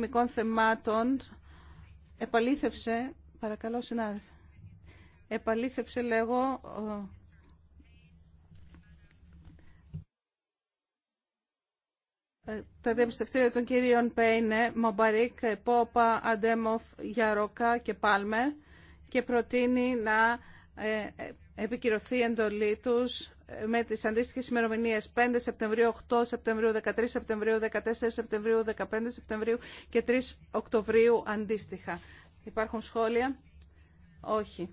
Νομικών Θεμάτων επαλήθευσε, παρακαλώ συνάδελφε, επαλήθευσε λέγω ε, τα διαπιστευτήρια των κυρίων Πέινε, Μομπαρίκ, Πόπα, Αντέμοφ, Γιαρόκα και Πάλμερ και προτείνει να ε, ε, επικυρωθεί η εντολή τους με τι αντίστοιχε ημερομηνίε 5 Σεπτεμβρίου, 8 Σεπτεμβρίου, 13 Σεπτεμβρίου, 14 Σεπτεμβρίου, 15 Σεπτεμβρίου και 3 Οκτωβρίου αντίστοιχα. Υπάρχουν σχόλια? Όχι.